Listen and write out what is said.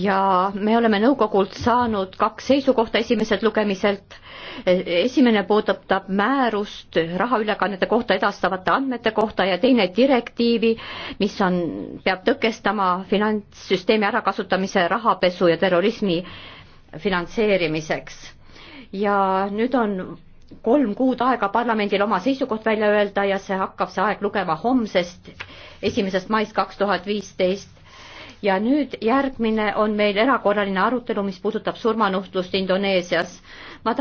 ja me oleme nõukogult saanud kaks seisukohta esimeselt lugemiselt. esimene puudutab määrust rahaülekannete kohta edastavate andmete kohta ja teine direktiivi, mis on, peab tõkestama finantssüsteemi ärakasutamise rahapesu ja terrorismi finantseerimiseks. ja nüüd on kolm kuud aega parlamendil oma seisukoht välja öelda ja see hakkab see aeg lugema homsest, esimesest maist kaks tuhat viisteist ja nüüd järgmine on meil erakorraline arutelu, mis puudutab surmanuhtlust Indoneesias. ma